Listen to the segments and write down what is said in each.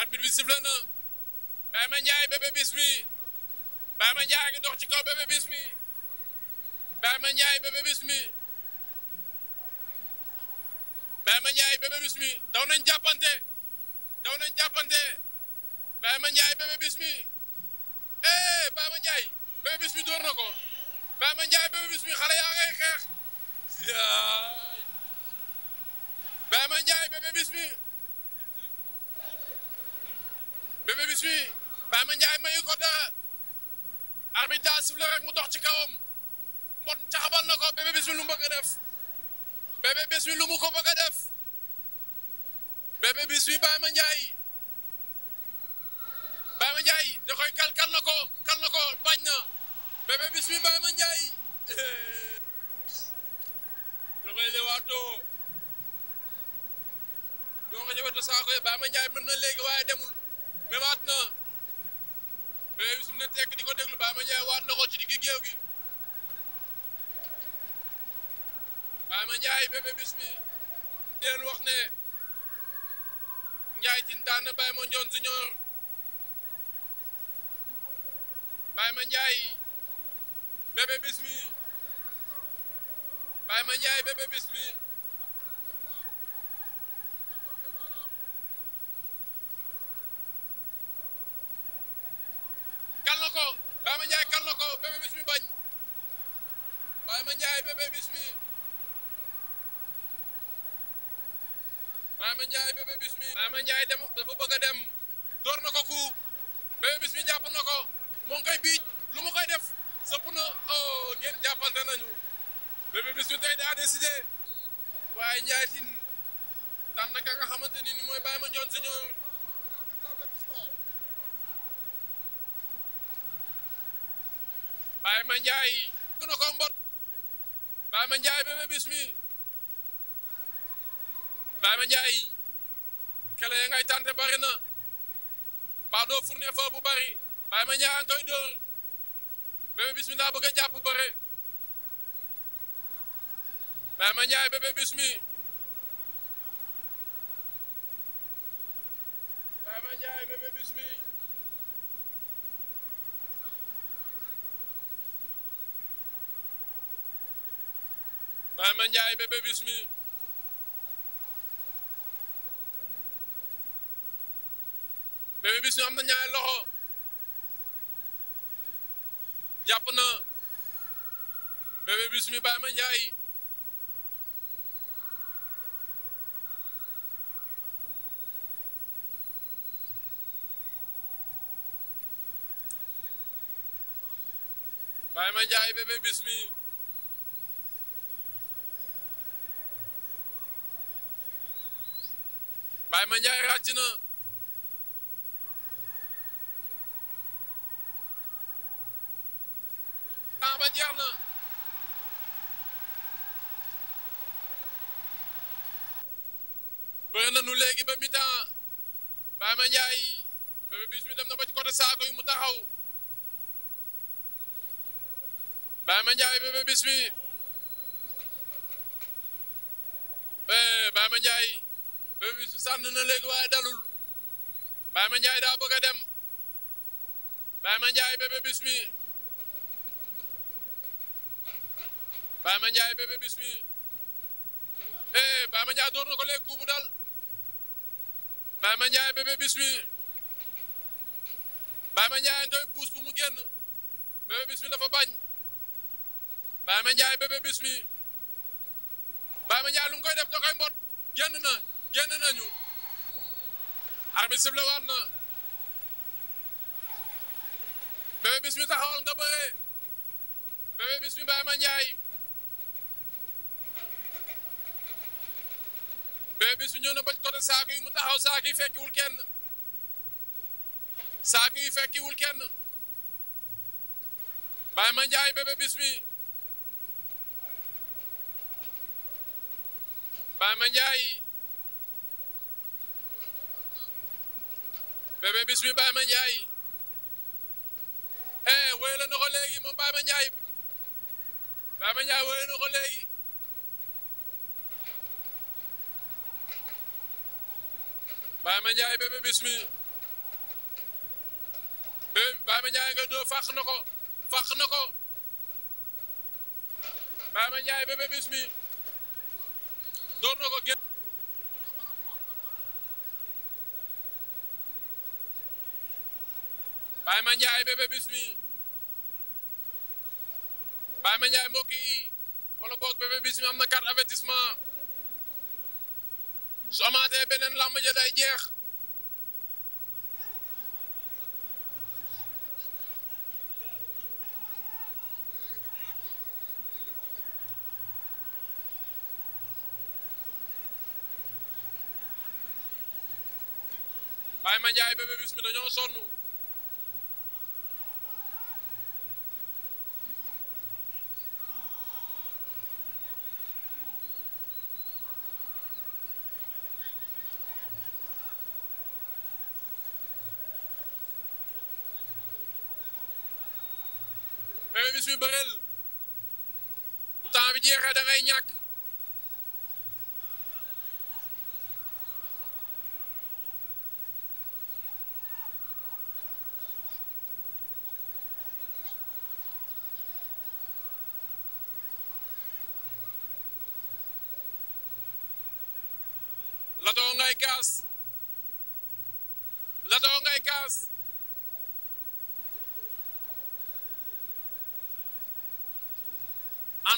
arbitre bi sifflé na Baye Mandiaye Bébé Bismi Baye Mandiaye a ngi dox ci kaw Bébé Bismi Baye Mandiaye Bébé Bismi Baye Mandiaye Bébé Bismi daw nañ jàppante daw nañ jàppante Baye Mandiaye Bébé Bismi eh Baye Mandiaye Bébé Bismi door na ko Baye Mandiaye Bébé Bismi xale yaa ngay xeex Baye Mandiaye Bébé Bismi Bébé Bismi Baye Mandiaye mayu ko dara arbitre daa sifflé rek mu dox ci kawam mbot caxabal na ko Bébé Bismi lu mu bëgg a def Bébé Bismi lu mu ko bëgg a def Bébé Bismi Baye Mandiaye Baye Mandiaye da koy kal kal na ko kal na ko bañ na Bébé Bismi Baye Mandiaye ñoo ngay lewaatoo ñoo nga ñëwata saako Baye Mandiaye mën na léegi waaye demul mebaat na bébé bi ne tekk di ko déglu ma Mandiaye waat na ko ci digg géew gi Baye Mandiaye bébé bis bi deen wax ne Ndiaye Tine daan na Baye Mandione Junior Baye Mandiaye bébé bis bi Baye Mandiaye bébé bis bi bis mi Baama Ndiaye bébé bis mi Baama dem dafa bëgg dem door na ko ku bébé mi jàpp na ko moo ngi biij lu mu koy def sëpp na oh nañu bébé mi tey daa décidé waaye Ndiaye tin tànn ka nga xamante ni ni mooy Baye Mandione Senior Baye Mandiaye gën a ko mbot Baye Mandiaye Bébé Bismi Baye Mandiaye kele ya ngay tànte na baa doo fourne foo bu bari Baye Mandiaye an koy dóor Bébé Bismi daa bëgg a jàpp bëre Baye Mandiaye Bébé Bismi Baye Mandiaye Bismi Ibrahima Ndiaye Bébé Bismi Bébé Bismi am na ñaari loxo jàpp na Bébé Bismi Ibrahima Ndiaye Ibrahima Ndiaye Bébé Bismi Ibrahima Ndiaye na temps ba jeex na na nu léegi ba mi-temps Ibrahima Ndiaye Bébé Bismi dem na ba ci côté saako yi mu taxaw Ibrahima Ndiaye Bébé Bismi Ibrahima eh, Ndiaye Papis sànn na léegi waaye dalul ma Mandiaye daa bëgg a dem Baye ma Bébé Bismi Baye Mandiaye Bébé Bismi eh Baye Mandiaye door na ko léegi kuubu dal Baye Mandiaye Bébé Bismi Baye Mandiaye ngay puus bu mu génn Bébé Bismi dafa bañ ma Mandiaye Bébé Bismi Baye ma lu mu koy def da mbot génn na génn nañu arbitre sifle waat na Bébé Bismi taxawal nga bëree Bébé Bismi Baye Mandiaye Bébé Bismi ñëw na ba ci côté yi mu taxaw saako yi fekkiwul kenn saako yi fekkiwul kenn Baye Mandiaye Bébé Bismi Bébé Bismi Baye Mandiaye eh wéyale na ko léegi moom Baye Mandiaye Baye Mandiaye wéyale na ko Bismi Bébé Baye nga doo fàq na ko fàq na ko Baye Mandiaye Bébé Bismi door na ko Baye Mandiaye Bébé Bismi Baye Mandiaye mbokk yi wala boog Bébé Bismi am na carte avertissement su amaatee beneen làmb ja day jeex Baye Mandiaye Bébé dañoo sonn ni bëreel bu temps bi jeexee da ngay ñàkk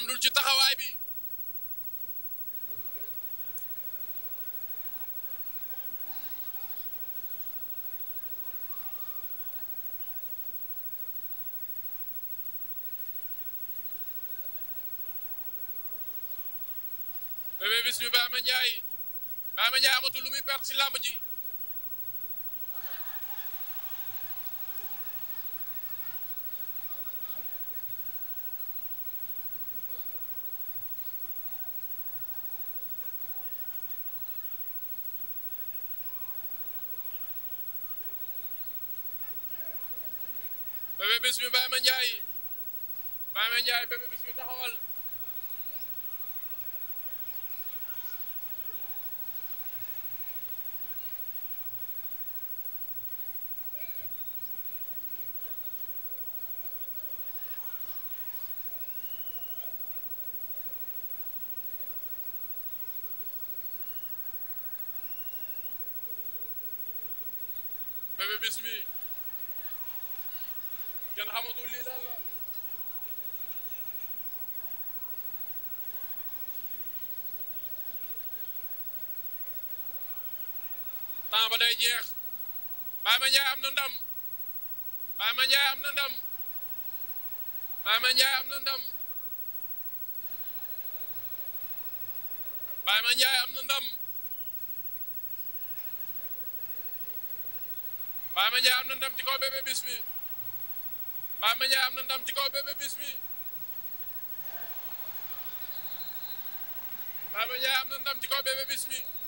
àndul ci taxawaay bi Bébé Bismi Baye Mandiaye Baye Mandiaye amatul lu muy perte ci làmb ji Bismi Baye Ma Ndiaye Baye Ma Ndiaye Bébé Bismi Bismi kenn xamatul lii la temps ba day jeex Baye Mandiaye am na ndam Baye Mandiaye am na ndam Baye Mandiaye am na ndam Baye Mandiaye am ndam Baye Mandiaye am na ndam ci kaw Bébé Bismi Baye Mandiaye am na ndam ci kaw Bébé Bismi Baye Mandiaye am na ndam ci kaw Bébé Bismi